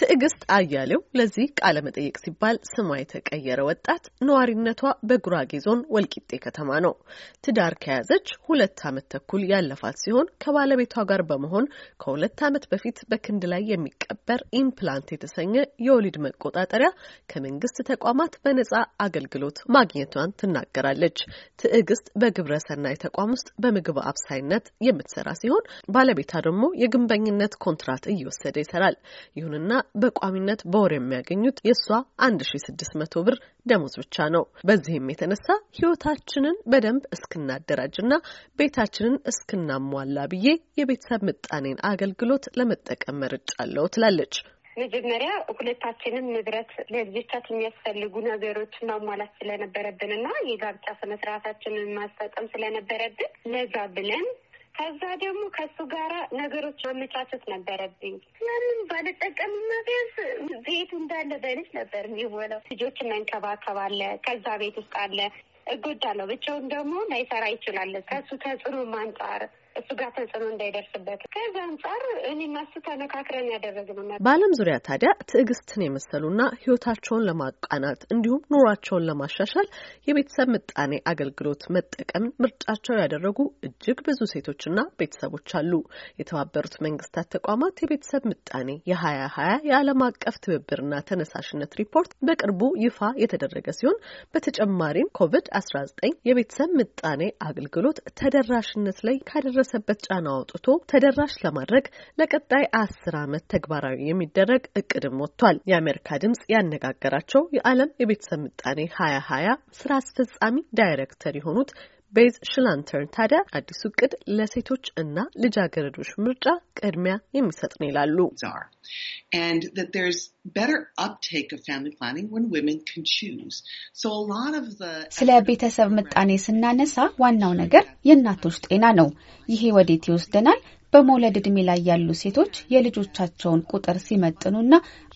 ትዕግስት አያሌው ለዚህ ቃለ መጠየቅ ሲባል ስሟ የተቀየረ ወጣት ነዋሪነቷ በጉራጌ ዞን ወልቂጤ ከተማ ነው። ትዳር ከያዘች ሁለት ዓመት ተኩል ያለፋት ሲሆን ከባለቤቷ ጋር በመሆን ከሁለት ዓመት በፊት በክንድ ላይ የሚቀበር ኢምፕላንት የተሰኘ የወሊድ መቆጣጠሪያ ከመንግስት ተቋማት በነጻ አገልግሎት ማግኘቷን ትናገራለች። ትዕግስት በግብረ ሰናይ ተቋም ውስጥ በምግብ አብሳይነት የምትሰራ ሲሆን ባለቤቷ ደግሞ የግንበኝነት ኮንትራት እየወሰደ ይሰራል። ይሁንና በቋሚነት በወር የሚያገኙት የእሷ አንድ ሺ ስድስት መቶ ብር ደሞዝ ብቻ ነው። በዚህም የተነሳ ህይወታችንን በደንብ እስክናደራጅና ቤታችንን እስክናሟላ ብዬ የቤተሰብ ምጣኔን አገልግሎት ለመጠቀም መርጫለሁ ትላለች። መጀመሪያ ሁለታችንም ንብረት ለልጆቻችን የሚያስፈልጉ ነገሮች ማሟላት ስለነበረብን ና የጋብቻ ስነስርዓታችንን ማስፈጸም ስለነበረብን ለዛ ብለን ከዛ ደግሞ ከሱ ጋር ነገሮች መመቻቸት ነበረብኝ። ምንም ባልጠቀምና ቢያንስ ቤቱ እንዳለ በልጅ ነበር የሚሆነው። ልጆች መንከባከብ አለ፣ ከዛ ቤት ውስጥ አለ። እጎዳለሁ። ብቻውን ደግሞ ላይሰራ ይችላል። ከሱ ተጽዕኖ አንጻር እሱ ጋር ተጽዕኖ እንዳይደርስበት ከዚ አንጻር እኔና እሱ ተመካክረን ያደረግነው። በዓለም ዙሪያ ታዲያ ትዕግስትን የመሰሉና ህይወታቸውን ለማቃናት እንዲሁም ኑሯቸውን ለማሻሻል የቤተሰብ ምጣኔ አገልግሎት መጠቀምን ምርጫቸው ያደረጉ እጅግ ብዙ ሴቶችና ቤተሰቦች አሉ። የተባበሩት መንግስታት ተቋማት የቤተሰብ ምጣኔ የሀያ ሀያ የዓለም አቀፍ ትብብርና ተነሳሽነት ሪፖርት በቅርቡ ይፋ የተደረገ ሲሆን በተጨማሪም ኮቪድ አስራ ዘጠኝ የቤተሰብ ምጣኔ አገልግሎት ተደራሽነት ላይ ካደረሰ ከደረሰበት ጫና አውጥቶ ተደራሽ ለማድረግ ለቀጣይ አስር ዓመት ተግባራዊ የሚደረግ እቅድም ወጥቷል። የአሜሪካ ድምጽ ያነጋገራቸው የዓለም የቤተሰብ ምጣኔ ሀያ ሀያ ስራ አስፈጻሚ ዳይሬክተር የሆኑት ቤዝ ሽላንተርን ታዲያ አዲሱ እቅድ ለሴቶች እና ልጃገረዶች ምርጫ ቅድሚያ የሚሰጥ ነው ይላሉ። ስለ ቤተሰብ ምጣኔ ስናነሳ ዋናው ነገር የእናቶች ጤና ነው። ይሄ ወዴት ይወስደናል? በመውለድ ዕድሜ ላይ ያሉ ሴቶች የልጆቻቸውን ቁጥር ሲመጥኑና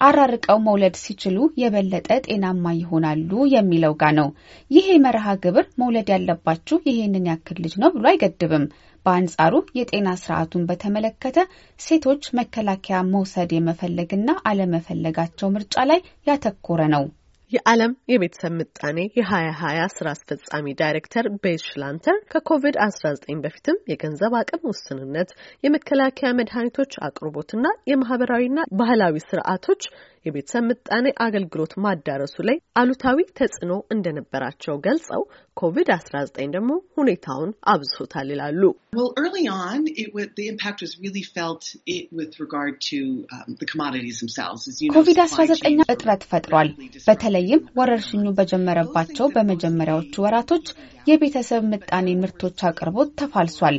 አራርቀው መውለድ ሲችሉ የበለጠ ጤናማ ይሆናሉ የሚለው ጋ ነው። ይሄ መርሃ ግብር መውለድ ያለባችሁ ይሄንን ያክል ልጅ ነው ብሎ አይገድብም። በአንጻሩ የጤና ስርዓቱን በተመለከተ ሴቶች መከላከያ መውሰድ የመፈለግና አለመፈለጋቸው ምርጫ ላይ ያተኮረ ነው። የዓለም የቤተሰብ ምጣኔ የ2020 ስራ አስፈጻሚ ዳይሬክተር ቤዝ ሽላንተር ከኮቪድ-19 በፊትም የገንዘብ አቅም ውስንነት፣ የመከላከያ መድኃኒቶች አቅርቦትና የማህበራዊና ባህላዊ ስርዓቶች የቤተሰብ ምጣኔ አገልግሎት ማዳረሱ ላይ አሉታዊ ተጽዕኖ እንደነበራቸው ገልጸው ኮቪድ-19 ደግሞ ሁኔታውን አብዝቶታል ይላሉ። um, ኮቪድ-19 እጥረት ፈጥሯል። በተለይም ወረርሽኙ በጀመረባቸው በመጀመሪያዎቹ ወራቶች የቤተሰብ ምጣኔ ምርቶች አቅርቦት ተፋልሷል።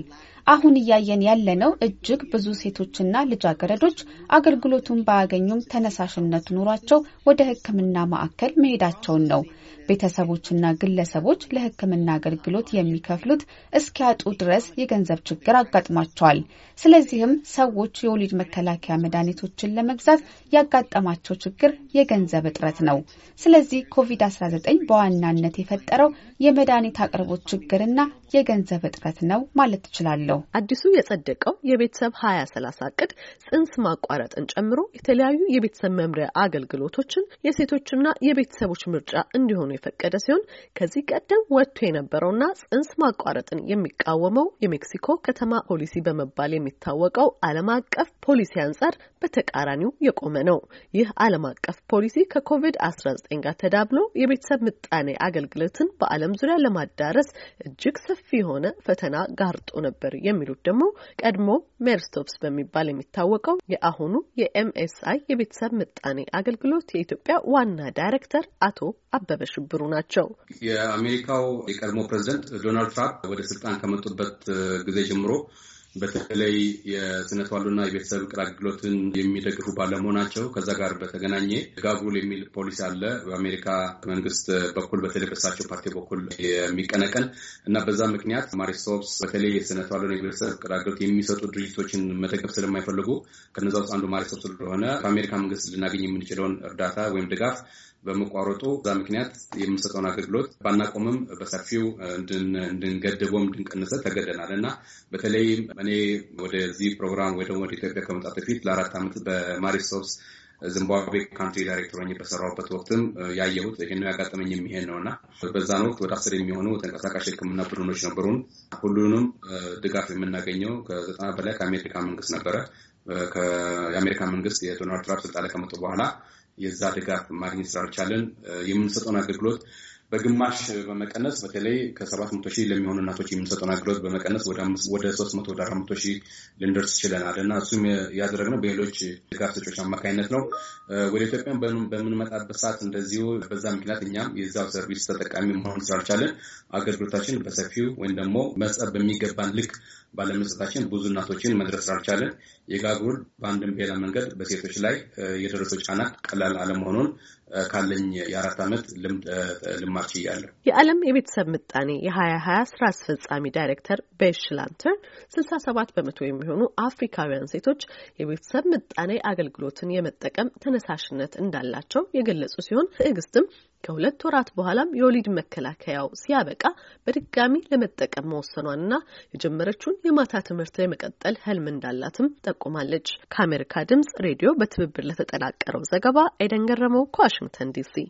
አሁን እያየን ያለነው እጅግ ብዙ ሴቶችና ልጃገረዶች አገልግሎቱን ባያገኙም ተነሳሽነት ኑሯቸው ወደ ሕክምና ማዕከል መሄዳቸውን ነው። ቤተሰቦችና ግለሰቦች ለሕክምና አገልግሎት የሚከፍሉት እስኪያጡ ድረስ የገንዘብ ችግር አጋጥሟቸዋል። ስለዚህም ሰዎች የወሊድ መከላከያ መድኃኒቶችን ለመግዛት ያጋጠማቸው ችግር የገንዘብ እጥረት ነው። ስለዚህ ኮቪድ-19 በዋናነት የፈጠረው የመድኃኒት አቅርቦት ችግርና የገንዘብ እጥረት ነው ማለት ትችላለሁ። አለው። አዲሱ የጸደቀው የቤተሰብ ሀያ ሰላሳ እቅድ ጽንስ ማቋረጥን ጨምሮ የተለያዩ የቤተሰብ መምሪያ አገልግሎቶችን የሴቶችና የቤተሰቦች ምርጫ እንዲሆኑ የፈቀደ ሲሆን ከዚህ ቀደም ወጥቶ የነበረውና ጽንስ ማቋረጥን የሚቃወመው የሜክሲኮ ከተማ ፖሊሲ በመባል የሚታወቀው ዓለም አቀፍ ፖሊሲ አንጻር በተቃራኒው የቆመ ነው። ይህ ዓለም አቀፍ ፖሊሲ ከኮቪድ-19 ጋር ተዳብሎ የቤተሰብ ምጣኔ አገልግሎትን በዓለም ዙሪያ ለማዳረስ እጅግ ሰፊ የሆነ ፈተና ጋርጦ ነበር የሚሉት ደግሞ ቀድሞ ሜርስቶፕስ በሚባል የሚታወቀው የአሁኑ የኤምኤስአይ የቤተሰብ ምጣኔ አገልግሎት የኢትዮጵያ ዋና ዳይሬክተር አቶ አበበ ሽብሩ ናቸው። የአሜሪካው የቀድሞ ፕሬዚደንት ዶናልድ ትራምፕ ወደ ስልጣን ከመጡበት ጊዜ ጀምሮ በተለይ የስነ ተዋልዶና የቤተሰብ ቅር አገልግሎትን የሚደግፉ ባለመሆናቸው ከዛ ጋር በተገናኘ ጋጉል የሚል ፖሊሲ አለ በአሜሪካ መንግስት በኩል በተለይ በሳቸው ፓርቲ በኩል የሚቀነቀን እና በዛ ምክንያት ማሪሶፕስ በተለይ የስነ ተዋልዶና የቤተሰብ ቅር አገልግሎት የሚሰጡ ድርጅቶችን መደገፍ ስለማይፈልጉ ከነዛ ውስጥ አንዱ ማሪሶፕስ ስለሆነ ከአሜሪካ መንግስት ልናገኝ የምንችለውን እርዳታ ወይም ድጋፍ በመቋረጡ እዛ ምክንያት የምንሰጠውን አገልግሎት ባናቆምም በሰፊው እንድንገድበው እንድንቀንሰ ተገደናል እና በተለይም እኔ ወደዚህ ፕሮግራም ወይ ደግሞ ወደ ኢትዮጵያ ከመጣት በፊት ለአራት ዓመት በማሪሶስ ዚምባብዌ ካንትሪ ዳይሬክተር ሆኜ በሰራሁበት ወቅትም ያየሁት ይሄ ነው ያጋጠመኝ የሚሄድ ነው እና በዛን ወቅት ወደ አስር የሚሆኑ ተንቀሳቃሽ ሕክምና ቡድኖች ነበሩን። ሁሉንም ድጋፍ የምናገኘው ከዘጠና በላይ ከአሜሪካ መንግስት ነበረ። የአሜሪካ መንግስት የዶናልድ ትራምፕ ስልጣን ላይ ከመጡ በኋላ የዛ ድጋፍ ማግኘት ስላልቻለን የምንሰጠውን አገልግሎት በግማሽ በመቀነስ በተለይ ከሰባት መቶ ሺህ ለሚሆኑ እናቶች የምንሰጠውን አገልግሎት በመቀነስ ወደ ሶስት መቶ ወደ አራት መቶ ሺህ ልንደርስ ችለናል እና እሱም ያደረግነው በሌሎች ድጋፍ ሰጮች አማካኝነት ነው። ወደ ኢትዮጵያ በምንመጣበት ሰዓት እንደዚሁ በዛ ምክንያት እኛም የዛው ሰርቪስ ተጠቃሚ መሆን ስላልቻለን አገልግሎታችን በሰፊው ወይም ደግሞ መጸብ በሚገባን ልክ ባለመስጠታችን ብዙ እናቶችን መድረስ ስላልቻለን የጋጉር በአንድም ሌላ መንገድ በሴቶች ላይ የደረሰው ጫና ቀላል አለመሆኑን ካለኝ የአራት ዓመት ልምድ መማር ችያለሁ። የዓለም የቤተሰብ ምጣኔ የሀያ ሀያ ስራ አስፈጻሚ ዳይሬክተር በሽላንተር ስልሳ ሰባት በመቶ የሚሆኑ አፍሪካውያን ሴቶች የቤተሰብ ምጣኔ አገልግሎትን የመጠቀም ተነሳሽነት እንዳላቸው የገለጹ ሲሆን ትዕግስትም ከሁለት ወራት በኋላም የወሊድ መከላከያው ሲያበቃ በድጋሚ ለመጠቀም መወሰኗንና የጀመረችውን የማታ ትምህርት የመቀጠል ህልም እንዳላትም ጠቁማለች። ከአሜሪካ ድምጽ ሬዲዮ በትብብር ለተጠናቀረው ዘገባ ኤደን ገረመው ከዋሽንግተን ዲሲ